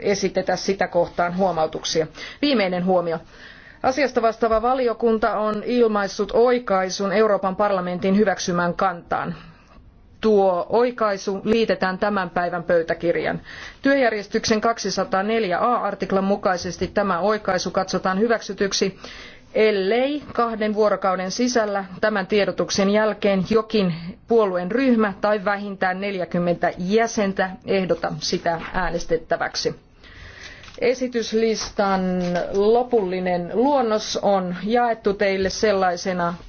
esitetä sitä kohtaan huomautuksia. Viimeinen huomio. Asiasta vastaava valiokunta on ilmaissut oikaisun Euroopan parlamentin hyväksymään kantaan. Tuo oikaisu liitetään tämän päivän pöytäkirjan. Työjärjestyksen 204a artiklan mukaisesti tämä oikaisu katsotaan hyväksytyksi ellei kahden vuorokauden sisällä tämän tiedotuksen jälkeen jokin puolueen ryhmä tai vähintään 40 jäsentä ehdota sitä äänestettäväksi. Esityslistan lopullinen luonnos on jaettu teille sellaisena